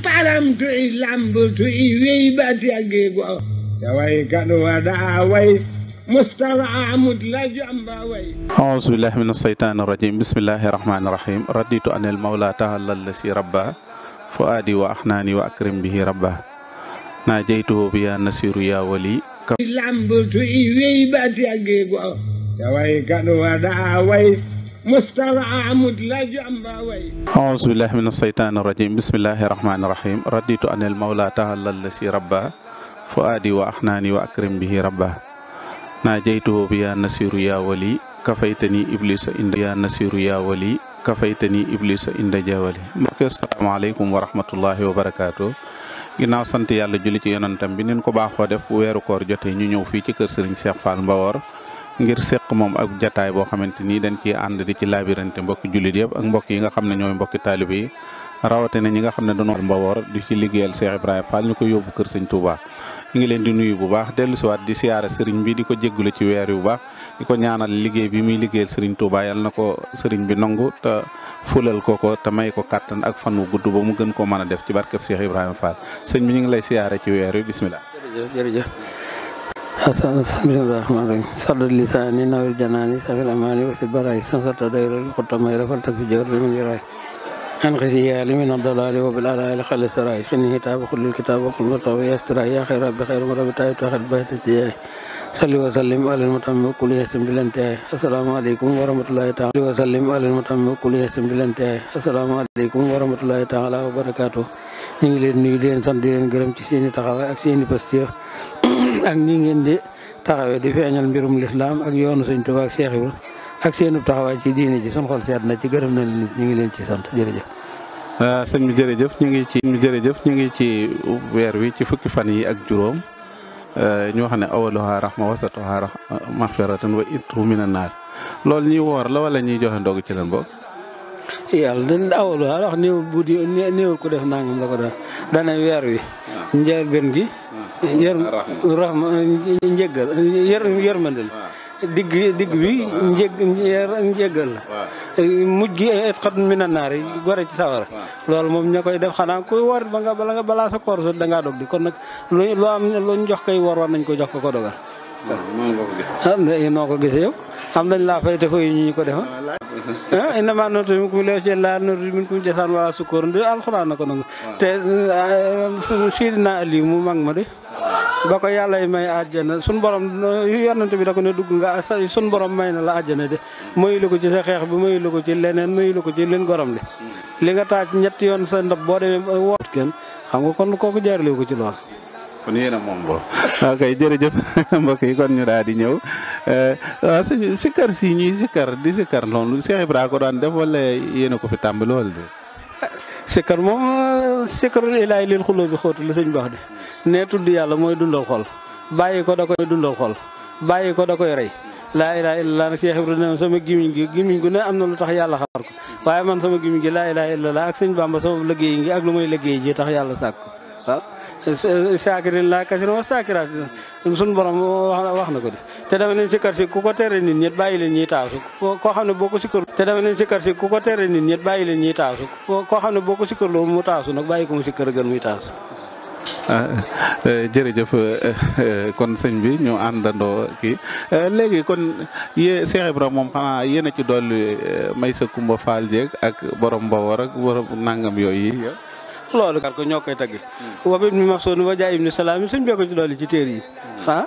param to islam to أعوذ بالله من الشيطان الرجيم بسم الله الرحمن الرحيم رديت أن المولى تعالى الذي ربى فؤادي وأحناني وأكرم به ربه ناجيته بيا نسير يا ولي مسترعى مدلج أمباوي أعوذ بالله من الشيطان الرجيم بسم الله الرحمن الرحيم رديت أن المولى تعالى الذي ربى فؤادي وأحناني وأكرم به ربه ناجيته بيا نسير يا ولي كفيتني إبليس إن يا نسير يا ولي كفيتني إبليس إن جاولي السلام عليكم ورحمة الله وبركاته ginaaw sant yàlla julli ci yonentam bi nin ko baaxoo def bu weeru koor jotee ñu ñëw fi ci kër Serigne Cheikh Fall Mbawor ngir sekk mom ak jotaay bo xamanteni dañ ci and di ci laabirante mbokk julit yeb ak mbokk yi nga xamne ñoy mbokk talib yi rawate na ñi nga xamne dañu mbawor di ci liggeel Cheikh ibrahim Fall ñuko yobbu keur kër Touba ngi leen di nuyu bu baax ci wat di siara sëriñ bi di ko ci wër yu baax diko ñaanal liggeey bi muy liggeel sëriñ Touba yal nako ko bi nangu ta fulal ko ko may ko katan ak fanu wu ba mu gën ko mëna def ci barke Cheikh ibrahim Fall sëñ bi ngi lay siara ci wër yu bismillah jere jere حسن بسم الله الرحمن الرحيم صل اللسان نور جناني سفي الأماني وسب براي سنصرت دير الخطة ما يرفلتك في جور من يراي عن خزيالي من الضلال وبالآلال خلص راي شني كتاب خل الكتاب وخل مطوي يستراي يا خير رب خير مرب تاي تاخد بيت التجاي صل وسلم على المتم وكل يسم بالانتهاء السلام عليكم ورحمة الله تعالى وسلم على المتم وكل يسم بالانتهاء السلام عليكم ورحمة الله تعالى وبركاته ñu ngi leen nuyu di leen sant di ak ñi ngeen di taxawee di feeñal mbirum lislaam ak yoonu Sëñ Tuubaa ak Cheikh ak seenub taxawaay ci diine ci sun xol seet na ci gërëm na ñu ngi leen ci sant jërëjëf. Ah, sëñ bi jërëjëf ñu ngi ci mi jërëjëf ñu ngi ci weer wi ci fukki fan yi ak juróom ah, ñu wax ne awaluha rahma wasatuha maxfiratan wa ittu mina naar loolu ñuy woor la wala ñuy joxe ndog ci leen bokk. yàlla dañ awaluha wax néew bu di néewul ko def nangam la ko def dana weer wi. Ah. njëlbeen gi. rahma njëggal yër yërmandal digg digg bi njëg njëggal la eh, mujj gi etxat eh, mi na naar yi gore ci sawara lool moom ña koy def xanaa kuy wor ba nga balaa sa koor so da ngaa dog di kon nag lu loo am lu ñu jox koy wor war nañ ko jox ko ko dogal am na ah, noo ko gisee yow am nañ laa fay te fay ñu ñu ko defa ah? ah innama nootu min kum leew ci laa nootu min kum jasaan wala sukkoor ndu alxuraan na ko nangu te eh, eh, Seydina Aliou mu mag ma de ba ko yàlla may àjjana sun borom yonent bi da ko ne dugg nga sun borom may na la ajjana de mayu la ko ci sa xeex bi mayu la ko ci leneen mayu la ko ci leen gorom de hmm. li nga taaj ñett yoon sa ndab boo demee woot kenn xam nga kon kooku jaarale ko ci lool kon yéen moom boo ok jërëjëf mbokk yi kon ñu daal di ñëw eh, waaw sëñ sikkar si ñuy sikkar di sikkar noonu Cheikh Ibra ko daan def wala yéen ko fi tàmbali lool de. sikkar moom sikkarul ilaay lil xuloo bi xóotu la sëñ bax di nee tudd yàlla mooy dundal xol bàyyi ko da koy dundal xol bàyyi ko da koy rey. laa ilaha illallah nag Cheikh Ibrahima sama gimiñ gi gimiñ gu ne am na lu tax yàlla xaar ko waaye man sama gimiñ gi laa ilaha illallah ak sëñ Bamba sama liggéey ngi ak lu may liggéey ji tax yàlla sàkk waaw saakirin laa kasirin wa saakiraat suñu borom wax na ko de te dama leen sikkar si ku ko tere nit ñet bàyyi leen ñiy taasu koo xam ne boo ko sikkar te dama leen sikkar si ku ko tere nit ñet bàyyi leen ñiy taasu koo xam ne boo ko sikkar loolu mu taasu nag bàyyi ko mu sikkar gën muy taasu ah, eh, eh, jërëjëf eh, kon sëñ bi ñu àndandoo kii léegi kon yé Cheikh Ibrahima moom xanaa yéen a ci dolli may sa Kumba Faal jeeg ak borom Mbawar ak borom nangam yooyu loolu kar ko ñoo koy tagg wa ibni maxsuun wa jaa ibni salaam yi suñ bee ko ci dolli ci téer yi ah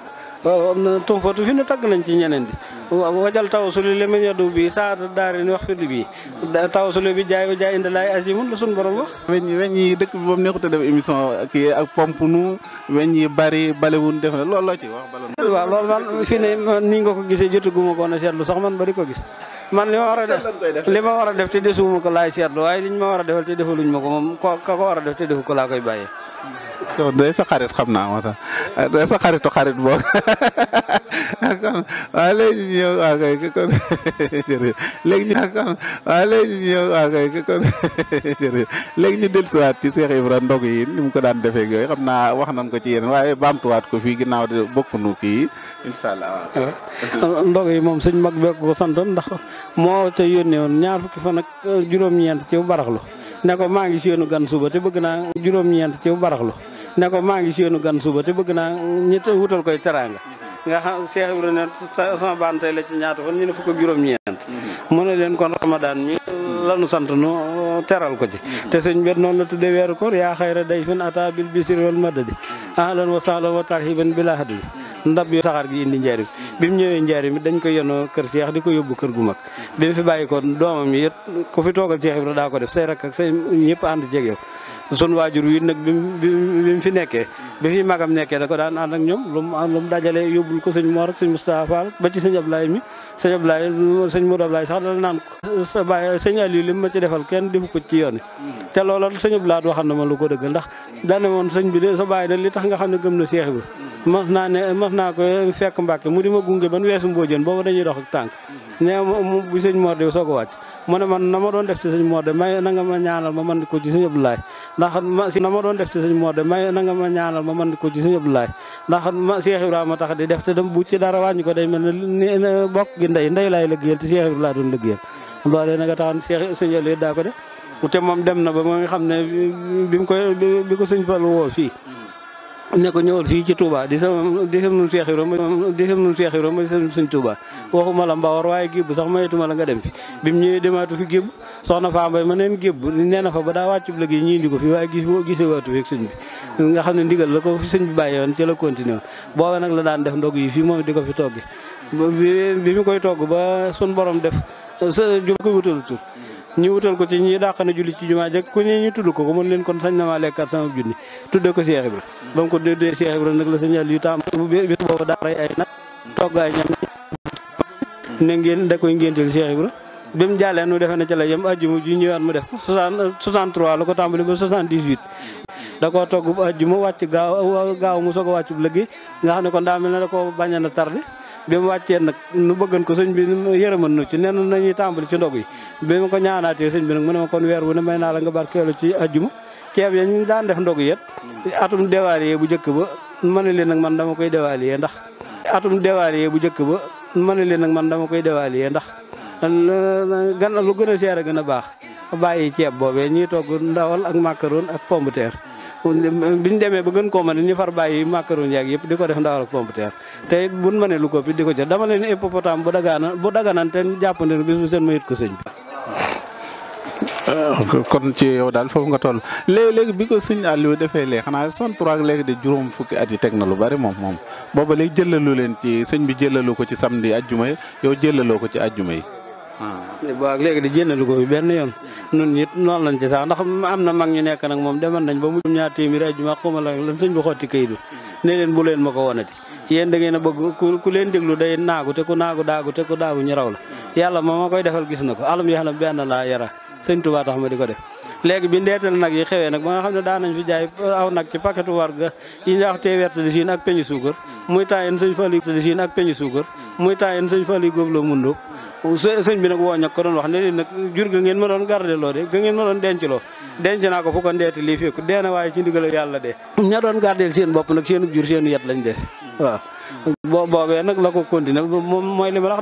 am na tumfatu fi ne tagg nañ ci ñeneen di wajal tawasuli li men yadu bi saata daarin wax firdi bi tawasuli bi jaay wa suñ borom wax weñ yi weñ yi dëkk bi ba mu neexut a def émission kii ak pompe nu weñ yi bari balewun def na loolu loo ci wax bala waaw loolu man fi ne nii nga ko gisee jotaguma ko na seetlu sax man ba di ko gis man li ma war a def li ma war a def te desuma ko laay seetlu waaye liñ ma war a defal te defaluñ ma ko moom ko ko war def te defu ko laa koy bàyyee yow day sa xarit xam na moo sax day sa xaritu xarit boog kon waaye léegi ñu ñëw waa kay kon jërëjëf léegi ñu kon waaye ci Cheikh Ibra ndog yi ni mu ko daan defee yooyu xam naa wax nañ ko ci yeneen waaye baamtuwaat ko fii ginnaaw de bokkunu kii incha allah eh, ndog yi moom suñ mag beeg ko santoon ndax moo ca yónnee woon ñaar fukki fan ak juróom-ñeent ci baraxlu ne ko maa ngi séenu gan suba te bëgg naa juróom-ñeent ci baraxlu ne ko maa ngi séenu gan suba te bëgg naa ñi wutal koy teraanga nga xam Cheikh Ibrahima sama baan tey la ci ñaata fan ñu ne fukk ak juróom-ñeent mm-hmm. mu ne leen kon ramadaan mi lanu sant nu teral ko ci mm-hmm. te sëñ bet noon la tuddee weeru koor yaa xayra day fin ata bil bisir wal madadi mm-hmm. ahlan wa saala wa tarhiban bila hadadi ndab yu saxaar gi indi njaarim bi mu ñëwee njaarim dañ ko yenoo kër Cheikh di ko yóbbu kër gu mag bi fi bàyyi ko doomam yi ku fi toogal Cheikh Ibra daa ko def say rakk ak say ñëpp ànd jegew sun waajur wi nag bi mu fi nekkee bi fi magam nekkee da ko daan ànd ak ñoom lu mu lu mu dajale yóbbul ko sëñ Mor sëñ Moustapha Fall ba ci sëñ Ablaye mi sëñ Ablaye sëñ Modou Ablaye sax dal naan ko sa baay sëñ Aliou li ma ci defal kenn defu ko ci yoon te loola sëñ Ablaye waxal na ma lu ko dëgg ndax daan woon sëñ bi de sa baay de li tax nga xam ne gëm na Seex bi naa ne mas naa ko fekk Mbàkke mu di ma gunge ban weesu Mbodiène boobu dañuy dox ak tànk nee mu bu sëñ Mor de soog a wàcc mu ne man na ma doon def ci sëñ Mor de may na nga ma ñaanal ma man ko ci sëñ Ablaye ndax ma si na ma doon def ci suñ moo de may na nga ma ñaanal ma man ko ci sëñ Abdoulaye ndax ma Cheikh Ibrahima tax di def te dem bu ci dara wàññi ko day mel ne bokk gi ndey ndey laay liggéeyal te Cheikh Ibrahima laa doon liggéeyal loolee na nga taxan Cheikh sëñ Aliou daa ko def te na ba moo ngi xam ne bi mu koy bi ko sëñ Fallou woo fii ne ko ñëwal fii ci Touba di sa sama di sam nun Cheikh Ibrahima di sam nun Cheikh Ibrahima di sam suñ Touba waxuma la mbawar waaye gébb sax mayetuma la nga dem fi bi mu ñëwee demaatu fi gébb soxna Faa Mbay ma neen gébb nee na fa ba daa wàccub liggéey ñii indi ko fi waaye gis waatu feeg sëñ bi nga xam ne ndigal la ko sëñ bi bàyyi woon ci la continué fii moom di ko fi toggi bi mu koy ba sun borom def ju ko wutal tur ñu wutal ko ci ñi dàq na julli ci jumaa jëkk ku ñi tudd ko ko mën leen kon sañ na maa lekkat sama junni tudde ko Cheikh Ibra ba mu ko déddee Cheikh Ibra nag la sañal yu taam bis boobu daa rey ne ngeen da koy ngénteel Cheikh Ibra bi mu jàllee nu defe na ca la yem ajjuma ju ñëwaat mu def ko 63 la ko ba 78. da koo a wàccu liggéey da koo bañ a tardé mu ko sëñ bi yërëman na nañuy tàmbali ci ndog yi bi ma ko ñaanaatee sëñ bi nag mu ne ma kon weer wu ne may naa la nga barkeelu ci ajjuma ceeb ya ñu daan def ndog yet atum déwaaliyee bu njëkk ba ma ne leen nag man dama koy déwaaliyee ndax atum déwaliyee bu njëkk ba ma ne leen nag man dama koy déwaliyee ndax euh, gan lu gën a a gën a baax bàyyi ceeb boobee ñuy togg ndawal ak macaron ak pomme terre biñ demee ba gën koo mën ñu far bàyyi macaron yaag yëpp di ko def ndawal ak pomme terre te buñ mënee lu ko fi di ko ca dama leen hippopotame bu dagaana bu daganante jàppandeen bis bu seen mayit ko sëñ Euh, kon ci yow daal foofu nga toll léegi léegi bi ko sëñ Aliou defee lee xanaa son trois léegi de juróom fukki at yi teg na lu bari moom moom booba léegi jëlalu leen ci sëñ bi jëlalu ko ci samedi ajjuma yi yow jëlaloo ko ci ajjuma yi. Ah. waaw léegi de jëndalu ko benn yoon nun it noonu lañ ci sax ndax am na mag ñu nekk nag moom demoon nañ ba mu ñaar téeméeri ajjuma xuma la lan sëñ bi xotti kayit bi leen bu leen ma ko wonati yéen da ngeen a bëgg ku leen déglu day naagu te ku naagu daagu te ku daagu ñu raw la yàlla moom koy defal gis na ko alam yoo xam ne benn laa yara sëñ Touba tax ma ko def léegi bi ndeetal nag yi xewee nag ba nga xam ne daan nañ fi jaay aw nag ci paquetu warga yi ñu wax tee werte de Chine ak peñu suukar muy temps yéen sëñ Fallou de Chine ak peñu suukar sëñ bi nag woo ko doon wax ne nag jur ga ngeen ma doon garde de ga ngeen ma doon denc loo denc naa ko fu ko ndeeti lii fekk dee waaye ci ndigal yàlla de ña doon gardeel seen bopp nag seenu jur seenu yet lañ des waaw boobee nag la ko continué moom mooy li ma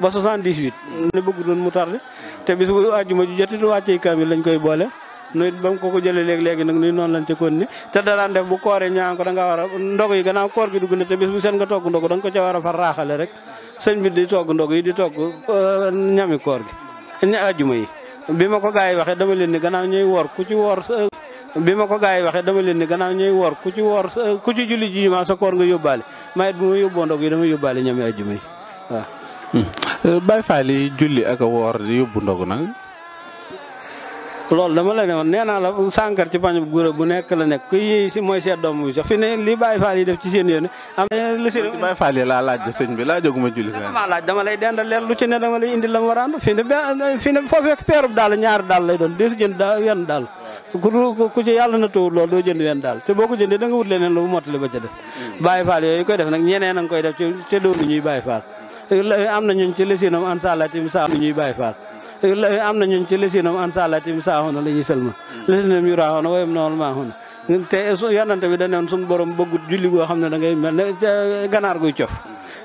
wax te bis bu àjjuma ju jot it wàccee kaamil lañ koy boole nuy ba mu ko ko jële léegi léegi nag nuy noon lañ ci kon ni te daraan def bu kooree ñaan ko da nga war a ndog yi gannaaw koor gi dugg na te bis bu seen nga togg ndog da nga ko ca war a far raaxale rek sañ bi di togg ndog yi di togg euh, ñami koor gi ña àjjuma yi bi ma ko gaa yi waxee dama leen ni gannaaw ñuy woor ku ci woor bi ma ko gaa yi waxee dama leen ni gannaaw ñuy woor ku ci woor ku ci julli ji ma sa koor nga yóbbaale maa it bu ma yóbboo ndog yi dama yóbbaale ñami àjjuma yi waaw. Hmm. Baye Fall yi julli ak woor di yóbbu ndogu nag. loolu dama la ne woon nee naa la sànkar ci pañ gura bu nekk la nekk ku yii si mooy seet doom bi sax fi ne li Baye Fall yi ci seen yéen am na lu si laa laaj sëñ bi laa jóguma julli dama laaj dama lay dendal leer lu ci ne dama lay la a ànd fi ne fi ne foo daal ñaari daal lay doon desu jënd daal wenn daal ku na tawul loolu doo jënd wenn daal te boo ko jëndee da nga wut leneen lu mottali ba ca def hmm. Baye Fall yooyu koy def nag ñeneen a koy def ci te ñuy Baye Fall am na ñun ci lisinam Ansalatim salatim saaxu ñuy bàyyi faal am na ñun ci lisinam Ansalatim salatim saaxu na la ñuy sëlma lisinam yu raaxoona woyam nool maaxoona te yonante bi danoon suñu borom bëggut julli goo xam da ngay mel guy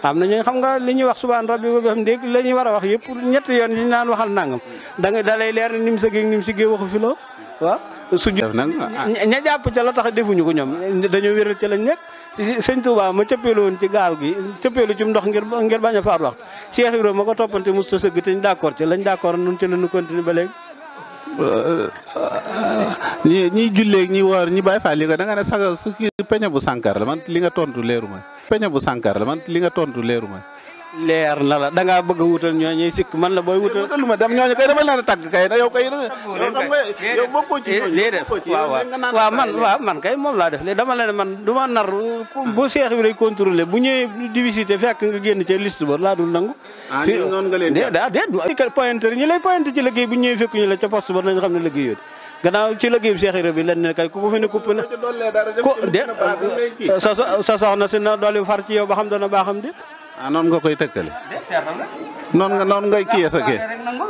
am na ñooñu xam nga li ñuy wax subhaan rabbi ba xam ndéeg la ñuy war a wax yëpp ñetti yoon yi ñu naan waxal nangam da ngay dalay leer ne nim sa géeg nim si géeg waxu fi loo waaw su ña jàpp ca la tax defuñu ko lañ sëñ Touba ma cëppeelu woon ci gaal gi cëppeelu ci ndox ngir ngir bañ a faat waxtu Cheikh Ibrahima ma ko toppante musta sëgg te ñu d'accord ci lañ d'accord nun ci lañu continuer ba léegi ñi ñi julleeg ñi woor ñi bàyyi faal li ko nga ne saga su kii peñe bu sànkar la man li nga tontu leeru ma peñe bu sànkar la man li nga tontu leeru ma leer na la da nga bëgg wutal ñoo ñi sik man la boy wutal. lu ma dem ñi kay dama la a tàgg kay yow kay. yow bokkoo ci lii eh, waaw man waaw man kay mom la def le dama leen man duma nar ah. bu cheikh bi lay contrôler bu ñëw di visité fekk nga genn ci liste ba la dul nangu. ah noonu nga leen di ah déet ñi lay pointer ci liggey bu ñëw fekk ñu la ci poste ba nañ xamne liggey liggéey ganaw ci liggéey bi Cheikh rabi lan ne kay ku ko fi ne na ko de sa soxna si na dolli far ci yow ba xam dana xam de ah noonu nga koy tëkkale. noonu nga noonu ngay kii sa kii.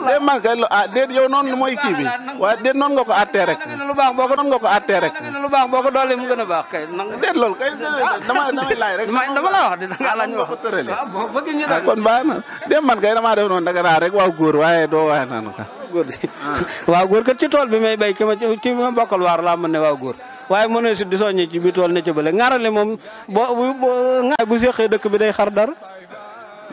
déet man kay ah de yow noonu mooy kii bi waaye déet noonu nga ko àttee rek. lu baax boo ko noonu nga ko àttee rek. lu baax boo ko doolee mu gën a baax kay. déet loolu kay dama damay laaj rek. dama la wax de danga laaj wax waaw ah, bëgg ñu ah, daal kon baax man kay damaa def noonu danga raa rek waaw góor waaye doo waaye naanu ka. Ah. waa góor kat ci tool bi may bay ki ma ci ma bokkal waar laa mën ne waaw góor waaye mënoo si di soññi ci bi tool ne ci ŋarale moom boo bu bu séqee dëkk bi day xar dara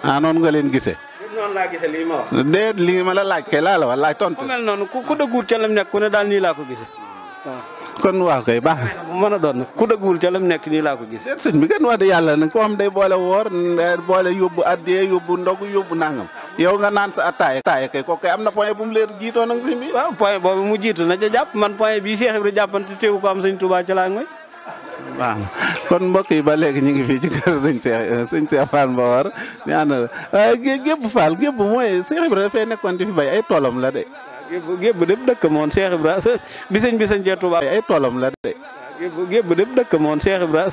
ah noonu nga leen gisee. noonu laa gisee lii ma wax. déet la laaj kay laa la laaj tontu. ku mel noonu ku ku dëgguwul ca lam nekk ku ne daal nii laa ko gisee waaw. Ah. kon waaw kay baax na. mën a doon nag ku dëgguwul ca lam nekk ni laa ko gisee. déet sëñ bi kenn wax de yàlla nag koo xam day boole woor boole yóbbu addee yóbbu ndog yóbbu nangam. yow nga naan sa attaaya. attaaya kay kooku kay am na point bu mu leer jiitoo nag sëñ mu jiitu na ja jàpp man point bii Cheikh Ibrahima jàppante teewu ko am sëñ Touba ca laa ngoy waaw kon mbokk yi ba léegi ñu ngi fi ci kër sëñ Cheikh sëñ Cheikh Fall Mbawar ñu àndal Gébu Fall Gébu mooy Cheikh Ibra dafay nekkoon di fi bay ay toolam la de. Gébu Gébu dëpp dëkk moon seex Ibra bi sëñ bi sëñ Cheikh Touba ay toolam la de. Gébu Gébu dëkk moon Cheikh Ibra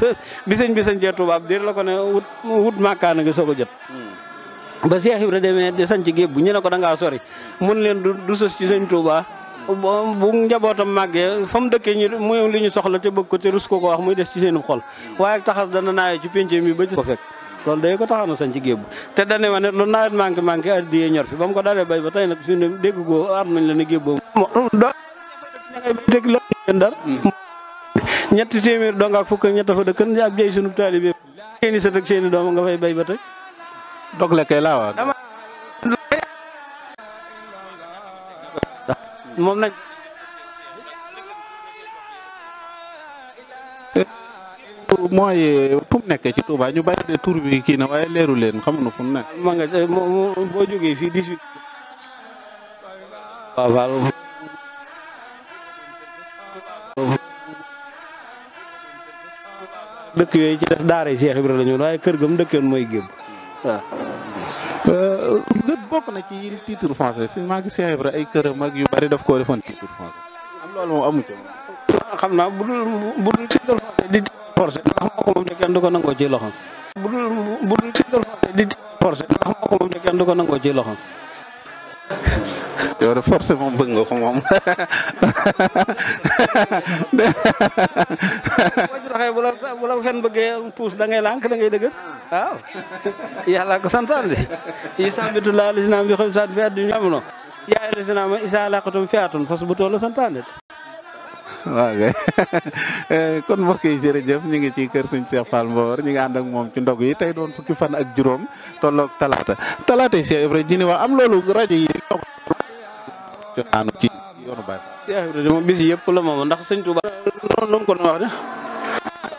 bi bi sëñ Cheikh Touba dir la ko ne wut wut màkkaana ngi soog a jot. Hmm. ba Cheikh Ibra demee di sanc Gébu ñu ne ko da ngaa sori mun leen du sos ci sëñ Touba. bu njabootam màggee fa mu dëkkee ñu muy li ñu soxla te bëgg ko te rus ko ko wax muy des ci seen xol waaye taxas dana naawee ci pénc mi ba ci ko fekk loolu day ko taxaana sañ ci géebu te dane ne lu nawet manqué manqué addiyee ñor fi ba mu ko dalee bay ba tey nag fi ne dégg goo ar nañ la ne géeboo teg loolu ngeen dara hmm. ñetti téeméer dong ak fukk ñett fa dëkkan ab jay sunub taalibe seeni sët ak seeni doom nga bay ba tey dogle kay laa waa moom nag mooy fu mu nekk ci Touba ñu bàyyi de tur bi kii na waaye leeru leen xamuñu fu mu nekk. ma nga boo jógee fii 18. waaw waaw. dëkk yooyu ci def daaray Cheikh Ibrahima la ñu waaye kër ga mu dëkkoon mooy gébb waaw. Euh, bokk na ci titre français si maa ngi Cheikh Ibra ay këram ak yu bari def koo defoon titre français am loolu moom amu ci xam naa bu dul bu dul titre français di forcé ndax moo ko moom kenn du ko loxo bu dul bu di forcé ndax moo ko moom kenn du ko nangoo loxo yow ya force mau bëgg ngomong, ko moom boo ci doxee bu la bu la fen bëggee puus da ngay gitu, gitu. ya lànk da ngay dëgër waaw yàlla ko santaan de isabitu laa lisinaam bi xoy saat fi addu ñu amono yaay lisinaam isa laqatum fiatun fas bu toolu santaan de kon mbokk yi jërëjëf ñu ngi ci kër sëñ Cheikh Fall Mbaor ñu ngi ànd ak moom ci ndog yi fan ak Cheikh am cosaanu ci yoonu Baay Faal moom la moom ndax sëñ Tuuba noonu la ko doon wax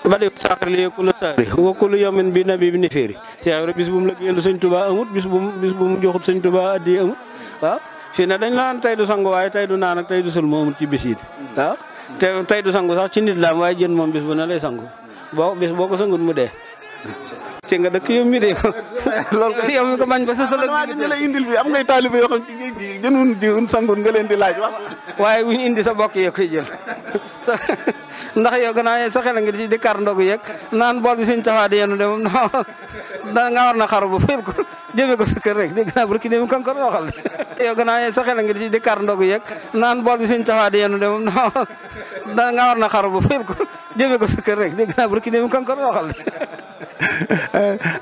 de bale saxar li ku saari wa ku lu yomin bi nabi bi neféeri Cheikh Ibra bis bu mu lëggéeyal sëñ Tuuba amut bis bu mu bis bu mu joxut sëñ amut waaw fii nag dañ naan tey du sangu waaye tey du naan ak tey du sul amut ci bis yi waaw te tey du sangu sax ci nit laam waaye jën moom bis bu ne lay sangu boo bis boo ko sangut mu dee quartier nga dëkk yow mii de loolu ko yow mi ko bañ ba sa di ñu la indil bi am ngay taalibe yoo xam ci géej gi sangun nga leen di laaj wax waaye bu ñu indi sa bok yee koy jël ndax yow gannaaw yee sa xel nga di kar ndogu yeeg naan bool bi suñu taxawaay di yenu de moom da nga war na xaru ba fël ko jëmee ko sa kër rek dégg sa xel nga di kar naan bool bi suñu taxawaay yenu de moom nga war na xaru ba fël ko jëmee ko sa kër rek dégg naa bu rek dem kankor waxal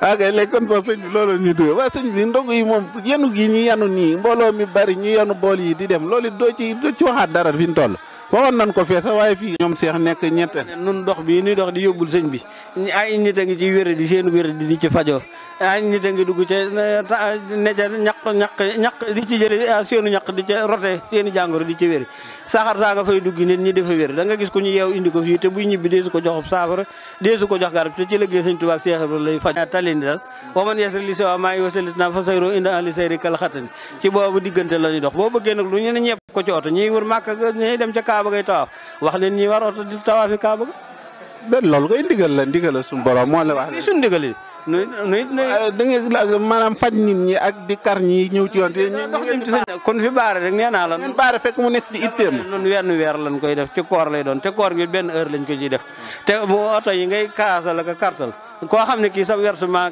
akelekonso sen lolo ni do wa sen bi ndongo yi mom yenu gi ni yanu ni mbolo mi bari ni yanu bol yi di dem loli do ci do ci waxat dara fiñ tollu waxon nan ko fessa way fi ñom cheikh nek ñettel nun dox bi ni dox di yobul señ bi ay nit nga ci wéré di seen wéré di ci fajo ay nit nga dugg ci neja ñak ñak ñak di ci jëlé ah, seenu ñak di ci roté seen jangoro di ci wéré saxar sa nga fay dugg nit ñi defa wéré da nga gis ku ñu yew indi ko fi te bu ñibbi desu ko jox saxara desu ko jox garab te ci liggé señ tuba cheikh abdou lay faj talin dal wa man yasal li sawa ma yusalit na fa sayru inda ali sayri kal khatan ci bobu digënté lañu dox bo bëggé nak lu ñu ñepp ko ci auto ñi wër makka ñi dem ci kaaba ngay tawaf wax leen ñi war auto di tawaf kaaba da lol loolu koy la ndigal la suñu borom mo la wax ni suñu digal yi nuy nuy ah, da ngay manam fajj nit ñi ak di kar ñi ñew ci yoon kon fi baare rek neena naa la baare fek mu nekk di itteem non wenn wer lañ koy def ci koor lay doon te koor bi ben heure lañ ko ci def te bu auto yi ngay kaasal ak kartal ko xamne ki sa versement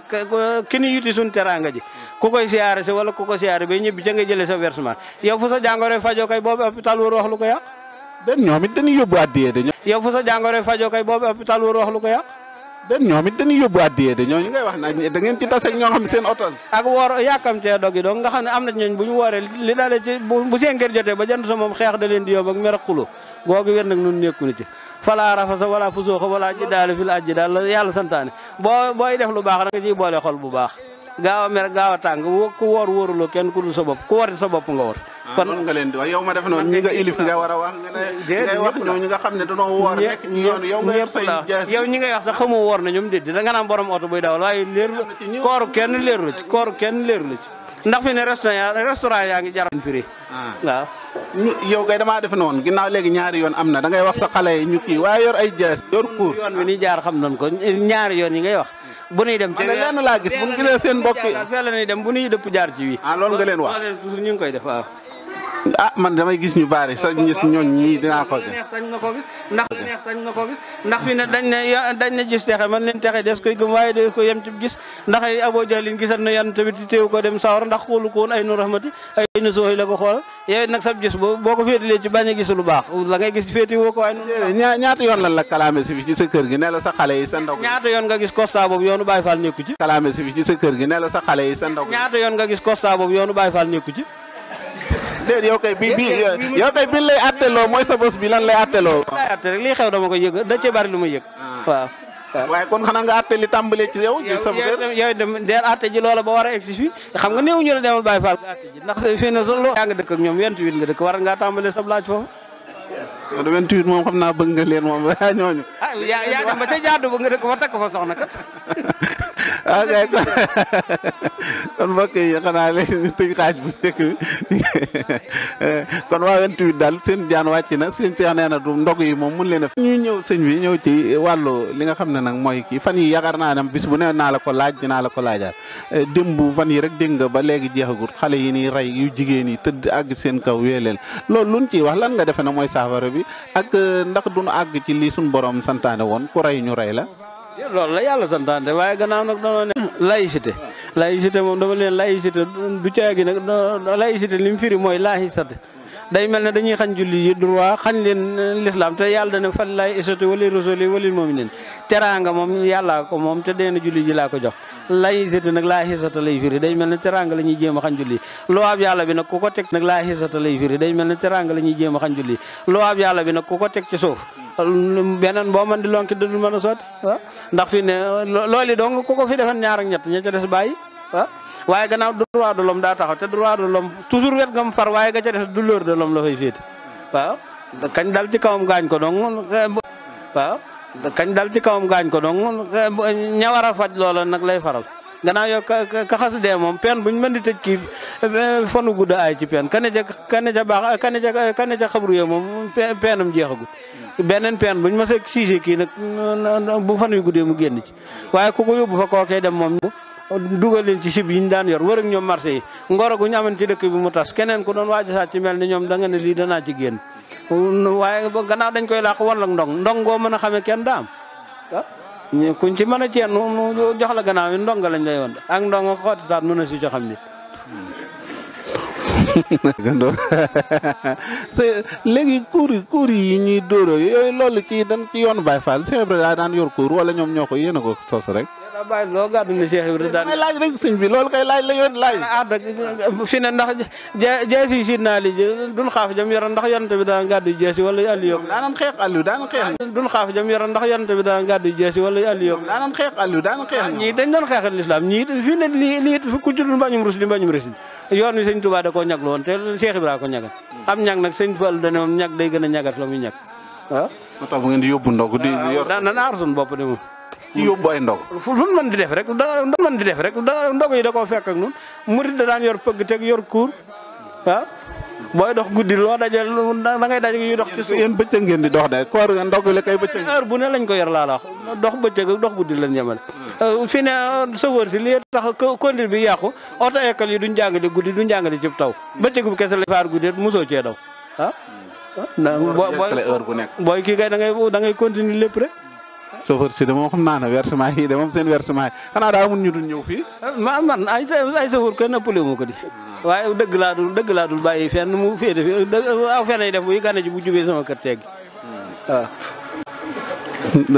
ki ni yuti sun teranga ji ku koy siyaare wala ku ko siyaare ba ñibbi ja nga jëlee sa versement yow fu sa jàngoro fajo kay bobu hôpital war wax lu ko yàq den ñoom it dañuy yóbbu àddiyee de. yow fu sa jàngoro fajoo kay boobu hôpital wóor wax lu ko yóbbu àddiyee de ñooñu ngay wax nag da ngeen ci tase ak ñoo xam seen oto ak woor yàkkamtee dog yi doon nga xam ne am na ñooñ bu ñu wooree li daale ci bu seen kër jotee ba jant sa moom xeex da leen di yóbbu ak mer ak xulo googu wér nag nun nekku na ci falaa rafasa wala fusooxa wala jidaala fil ajji daal yàlla santaane boo booy def lu baax da nga ciy boole xol bu baax gaaw a mer gaaw a tàng ku woor wóoruloo kenn ku sa bopp ku wori sa bopp nga kon ah, nga leen di wax yow ma def noonu ñi nga ilif nga war wax nga ngay wax ñooñu nga xam ne dañoo woor nekk ci yoon yow nga yor say yow ñi ngay wax sax xamu woor na ñoom déedéet da nga naan borom oto buy dawal waaye leer koor kenn leer la ci koor kenn leer la ci ndax fi ne restaurant restaurant yaa ngi jaram firi ah. waaw yow kay yoon da ngay wax sa ñu dem te dem bu ah man damay gis ñu baari sa gis ñooñ ñii dinaa ko gis. sañ ko gis neex sañ nga ko gis ndax fi ne dañ ne dañ ne gis texe man leen texe des koy gëm waaye des ko yem ci gis ndax ay abo jalin gisan na yan tamit teew ko dem sawar ndax xoolu ko woon ay nu rahmati ay nu sooy la ko xoolal nag sab gis boo boo ko féetalee ci bañ a baax la ngay gis féeti woo ko waaye ñaata yoon lan la kalaame si fi ci sa la sa xale yi sa ndaw ñaata yoon nga gis constat yoonu Baye Fall nekku ci kalaame si gi ne la sa xale sa ndaw ñaata yoon nga gis constat boobu yoonu Baye Fall déet yow kay bi bi yow kay bi lay atteloo mooy sa bës bi lay atteloo. lay xew dama ko yëg da cee a lu ma yëg ah. waaw. waaye kon xanaa nga àtte li tàmbalee ci yow. yow yow dem deel àtte ji loola ba war a egg si xam nga néew ñu la demal bàyyi faal nga ndax fii ne loo yaa nga dëkk ak ñoom 28 nga dëkk war ngaa tàmbalee sa laaj foofu. yow de 28 moom xam naa bëgg nga leen moom ñooñu. ah yaa yaa dem ba ca jaadu ba nga dëkk ba takk fa soxna kat. ah kon mbokk ya kanale léegi tëj xaaj bu njëkk bi kon waa kan 28 dal seen jaan wacc na seen seex nee na du ndog yi mom mun leena ñu ñew seen wi ñew ci walu li nga xamne nak moy ki fan yi yagar na ne bis bu ne na la ko laaj dina la ko laajaat eh, dembu fan yi iya rek dégg nga ba legi jeexagut xale yi ni ray yu jigeen yi teud ag seen kaw welel lool luñ ci wax lan nga defe na moy safara bi ak ndax duñu ag ci li sun borom santane won ku ray ñu ray la. loolu la yàlla santaante waaye gannaaw nag danoo ne laïcité laïcité moom dama leen laïcité du caagi nag laïcité li mu firi mooy laïcité day mel na dañuy xañ julli yi droit xañ leen l'islam te yàlla dana fan laay isati wali rasuli wali mu'minin teraanga moom yàllaa ko moom te deen julli ji laa ko jox lay laïcité nak laa hisata lay firi day melni ne teranga la ñuy jéem xañ julli luwaab yalla bi nak kuko tek nak nag hisata lay firi day melni ne teranga la ñuy jéem xañ julli luwaab yalla bi nak kuko tek ci suuf benen bo man di lonki dudul meuna soti ah. ndax fi ne loli dong ku ko fi defan ñaar ak ñet ñi ca dess bayyi ah. waaye gannaaw droit de l'homme da taxaw te droit de l'homme toujours wet gam far waaye ga ca des douleur de l'homme la fay fete waaw kañ dal ci kawam gañ ko dong eh, waaw kañ dal ci kawam gaañ ko donc ña war a faj loola nag lay faral gannaaw yow ka xas dee moom pen bu ñu mën di tëj kii fanu gudd aay ci peen kane ca kane ca baax kane ca kane ca xabru yo moom peenam jeexagut beneen peen buñ ma sa siise kii nag bu fan yu guddee mu génn ci waaye ku ko yóbbu fa kookee dem moom dugal leen ci sib yi ñu daan yor wër ak ñoom marché yi ngoro gu ñu amoon ci dëkk bi mu tas keneen ku doon waaj a ci mel ni ñoom da nga ne lii danaa ci génn waaye ba gannaaw dañ koy làq wala ndong ndong goo mën a xamee kenn daam ah. kuñ ci mën a ceen nu jox la gannaaw yi ndong lañ lay woon ak ndong xooti taat mën a si joxam nit gandoo c'est léegi kuur yi kuur yi ñuy dóoro yooyu loolu kii dañ ci yoon Baye Fall c'est vrai daan yor kuur wala ñoom ñoo ko yéen a sos rek daa bàyyi loo gàddu ne Cheikh Ibrahima daan laaj rek sëñ bi loolu kay laaj la yoon laaj aada fi ne ndax jeesi yi sidnaa li dul xaaf jam yoroon ndax yonte bi daan gàddu jeesi wala Aliou yow daanan xeex Aliou daanan xeex dul xaaf jam yoroon ndax yonte bi daan gàddu jeesi wala Aliou yow daanan xeex Aliou daanan xeex ah, ñii dañ doon ne lii lii da koo ñaglu woon te Cheikh Ibrahima ko ñagat am ñag nag sëñ Fall dane moom ñag day gën a ñagat la muy ñag ah? ci yóbbu ay ndog fu lu mën di def rek da lu di def rek da ndog yi da koo fekk ak nun murit da daan yor pëgg teg yor kuur waaw ah. booy dox guddi loo dajal da ngay daj yu dox ci yéen bëccëg ngeen di dox de koor nga ndog la bu ne lañ ko yor laa la wax dox bëccëg ak dox guddi lañ yemal euh, fi ne chauffeur si li tax conduite bi yàqu oto école yi duñ jàngale guddi duñ jàngale ci taw bëccëg bu kese la faar guddi mosoo cee daw ah, ah booy kii kay da ngay da ngay continuer lépp rek chauffeur si de moom xam naa ne versement yi de moom seen versement yi xanaa daa mun ñu dul ñëw fi ah, ma man ay ay chauffeur kenn ëppale moo ko waaye dëgg laa dul dëgg laa dul bàyyi fenn mu féete fi aw fenn yi def bu gane ji bu jubee kër teggi hmm. waaw.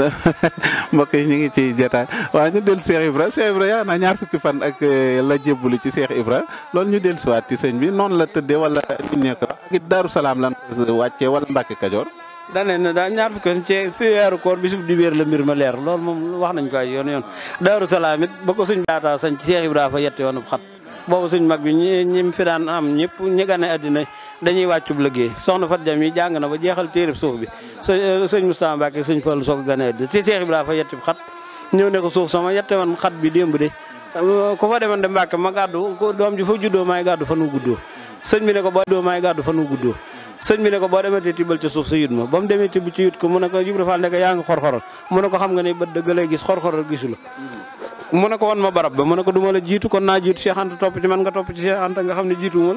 mbokk yi ñu ngi ci jotaay waa ñu del seex Ibra Cheikh Ibra yaa na ñaar fukki fan ak eh, la jébbali ci seex Ibra loolu ñu del siwaat ci sëñ bi noonu la tëddee wala ñu nekk ak Daaru Salaam lan wàccee wala Kajoor dane na daal ñaar fukki fan ci fi weeru koor bisub di wéer la mbir ma leer lool moom wax nañ ko ay yoon yoon daaru salaam it ba ko suñ baataa sañ ci Cheikh Ibrahima yett yoonub xat boobu suñ mag bi ñim fi daan am ñëpp ñi gane àddina dañuy wàccub liggéey soxna Fat Jam yi jàng na ba jeexal téerib suuf bi sëñ euh, Moustapha Mbacke sëñ Fallu soo ko gane àddina ci Cheikh Ibrahima yettib xat ñëw ne ko suuf sama yette woon xat bi démb de euh, ku fa demoon de Mbacke ma gàddu doom ji fa juddoo maay gàddu fa nu guddoo sëñ bi ne ko boo doo maay gàddu fa nu guddoo sëñ bi ne ko boo demetee tibbal ci suuf sa yut ma ba mu demee tibb ci yut ko mu ne ko Ibra Fall ko yaa ngi xor-xoral mu ne ba dëgg lay gis xor-xoral gisu la mu ne ko wan ma barab ba ko du ma la jiitu kon naa topp ci man nga topp ci Cheikh Anta nga xam ne jiitu ma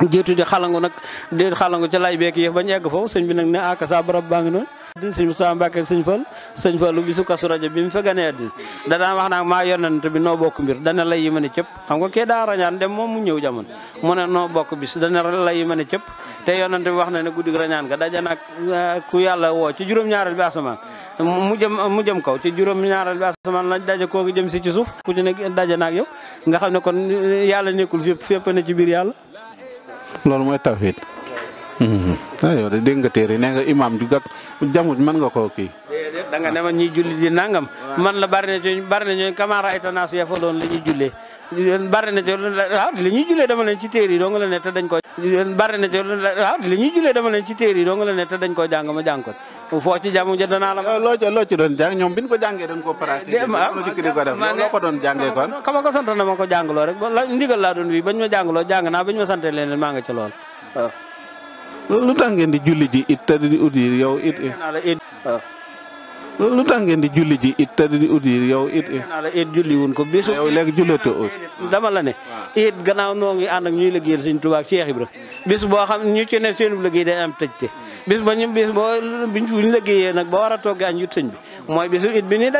la jiitu di xalangu nag di xalangu ca lay beek yëf bañ egg foofu sëñ nag ne aka ah, sa barab baa ngi noonu sëñ Moustapha Mbacke ak sëñ Fall sëñ Fallu bi su kasu rajo bi mu fa ganee àddina da daan wax naa maa yonent bi noo bokk mbir dana lay yi ma ne cëpp xam nga kee moom mu ñëw jamono mu ne noo bokk bis dana lay yi ma ne cëpp te yonent bi wax na ne guddi rañaan ga daja nag eh, ku yàlla woo ci juróom-ñaaral bi asamaan mu jëm mu jëm kaw ci juróom ñaareel bi asamaan lañ daje kooku jëm si ci suuf ku ci nekk daje naag yow nga xam ne kon eh, yàlla nekkul fépp fépp ne ci biir yàlla loolu mooy tawhid mhm. aywa de dégg nga téere nee nga imaam ju gàtt jamuj mën nga koo kii. da nga ne ma ñiy julli di nangam. Ah. man la bari na ci bari na ñooy kamaara ay tanaas doon la ñuy jullee. bari na ci waaw li ñuy jullee dama ne ci waaw li leen ci dañ koo jàng ma jàng ko foo ci jàmm danaa la loo ci doon jàng ñoom bi ko jàngee dañ ko pratiqué kama ko sant ma ko jàngloo rek ndigal laa doon wi bañ ma jàngloo jàng naa bañ ma sante leen maa nga ci lool waaw lu tax di julli ji it te di ut yi yow it waaw lu tax ngeen di julli ji it te di ut yi yow it. nee naa la it julli wuñ ko bisu. yow léegi jullite ut dama la ne. it gannaaw noo ngi ànd ak ñuy liggéeyal Sëñ Tuubaa ak Cheikh Ibra bis boo xam ñu ci ne seen liggéey day am tëjte. bis ba ñu bis boo biñ buñ liggéeyee nag ba war a toggee añ yut sëñ bi mooy bisu it bi ñuy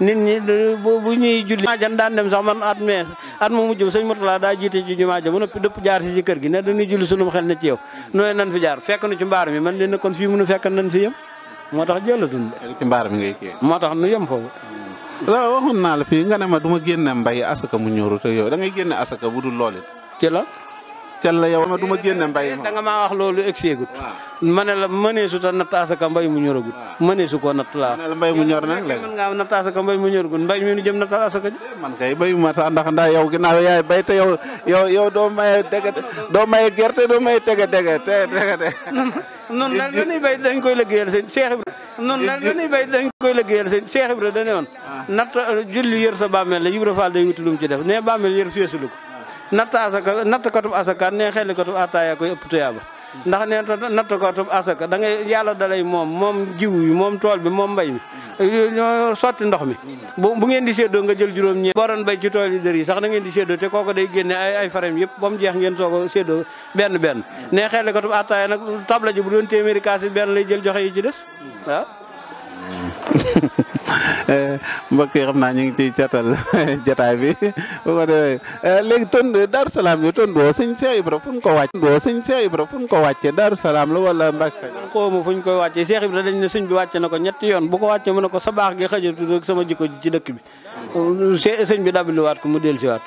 ñi bu ñuy julli jumaajan daan dem sax man at mee at mu mujj sëñ Murtala daa jiite ci jumaaja ba noppi dëpp jaar si ci kër gi ne dañuy julli sunum xel ne ci yow nooy nan fi jaar fekk nu ci mbaar mi man leen kon fii mënu fekk nan fi yem moo tax jëlatuñ de. ci mbaar mi ngay kii. moo tax nu yem foofu. waaw waxoon naa la fii nga ne ma du ma génne mbay asaka mu ñorut ak yow da ngay génne asaka bu dul loolu ci la. Thiel la yow ma du ma génne mbay ma da nga maa wax loolu egseegut. ma ne la mëneesut a natt asaka mbay mu ñoragut. mëneesu koo natt laa. ma ne la mbay mu ñor nag léegi mën ngaa natt asaka mbay mu ñoragut mbay mi nu jëm natt asaka ji. Eh, man kay bay ma sax ndax ndax yow ginnaaw yaay bay te yow yow yow doo maye dege doo maye gerte doo maye tege dege te dege de. noonu la la ñuy bay dañ koy liggéeyal seen Cheikh Ibra. noonu la la ñuy bay dañ koy liggéeyal seen Cheikh Ibra da ne woon. Ah. natt julli yër sa bàmmeel la Ibra Fall day wuti lu mu ci def ne bàmmeel yër feesu ko natt asaka nattkatub asaka ne xellikatub ataaya koy ëpp tuyaaba ndax nee na nattkatub asaka da ngay yàlla dalay moom moom jiw yi moom tool bi moom mbay mi ñoo sotti ndox mi bu bu ngeen di séddoo nga jël juróom ñeent booroon bay ci tool yi dër yi sax da ngeen di séddoo te kooku day génne ay ay farem yëpp ba mu jeex ngeen soog a séddoo benn benn ne xellikatub ataaya nag tabla ji bu doon téeméeri kaas benn lay jël joxe yi ci des Eh, mbokk yi xam naa ñu ngi ciy catal jataay bi bu ko defee eh, léegi ton Daaru Salaam bi ton boo sëñ Cheikh Ibra fu ñu ko wàcc boo sëñ Cheikh Ibra fu ñu ko wàcce Daaru Salaam la wala Mbàkke xawma fu ñu koy wàcce Cheikh Ibra dañ ne sëñ bi wàcce na ko ñetti yoon bu ko wàcce mu ne ko sa baax gi xëjatu rek sama jikko ji ci dëkk bi hmm. sëñ bi dabaliwaat ko mu dellusiwaat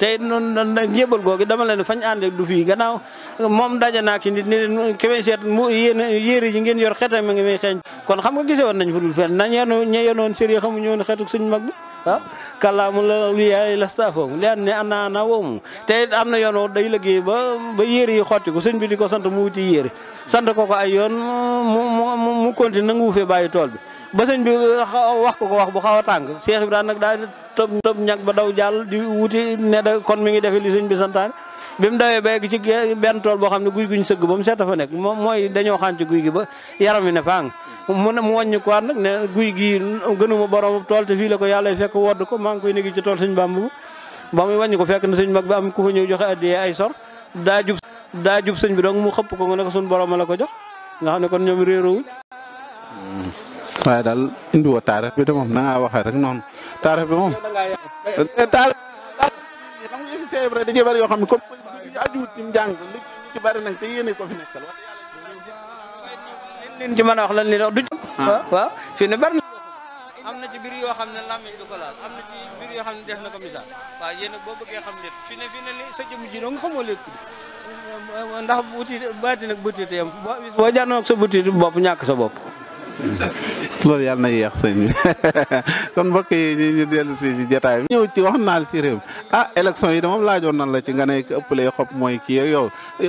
tey noonu nag njébal googu dama leen fañ ànd du fii gannaaw moom daja naa ki nit ni leen kebe seet mu yéen yére yi ngeen yor xetam mi ngi xeeñ kon xam nga gisee woon nañ fa dul fenn nañ yenu ñe yenoon sëriñ xamuñu woon xetuk suñ mag bi waaw ah, kalaamu la lu yaay la staafoomu li ne ana ana woomu te am na yoon day liggéey ba ba yére yi xotti ko sëñ bi di ko sant mu wuti yére sant ko ko ay yoon mu mu mu continué nangu fee bàyyi tool bi ba sëñ bi euh, wax ko ko wax bu xaw a tàng Cheikh Ibrahima nag daal di tëb tëb ñag ba daw jàll di wuti ne da kon mi ngi defe li sëñ bi santaane bi mu dawee béyk ci benn tool boo xam ne guy guñ sëgg ba mu seeta fa nekk moom mooy dañoo xaan ci guy gi ba yaram wi ne fang mu mu wàññi ko ne guy gi gënuma borom tool te la ko yàlla fekk wodd ko maa ngi koy néegi ci tool sëñ Bàmba ba muy wàññi ko fekk na sëñ mag bi am ku fa ñëw joxe addiyee ay sor daa jub daa jub sëñ bi dong mu xëpp ko nga ne ko suñ borom la ko jox nga xam ne kon ñoom réeroowuñ mm. dal daal indiwoo taarix bi dama nga na non. rek noonu taarix bi moom. taarix ci njàng wax a wax lan leen wax du ci. waaw ne bari na. ci mbir yoo xam ne du ko laal am ci mbir yoo xam def na ko misaal waaw yéen boo bëggee xam lépp fi ne fi ne li sa jëmm ji doo nga xamoo lépp ndax buti baati nag buti te yam boo ak sa buti sa loolu yàlla na yeex sëñ bi kon mbokk yi ñu ñu dellu si ci jotaay bi ci wax naal ci réew a ah élection yi dama laajoon nan la ci nga ne ëppalee xob mooy kii yow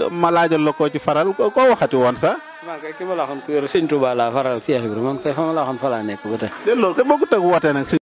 ma laajoon la koo ci faral koo waxati woon sax maa kay ki ma laa xam ku yor sëñ Touba laa faral Cheikh Ibrahima man kay fa ma laa xam fa laa nekk ba tey. loolu kay bokkut ak woote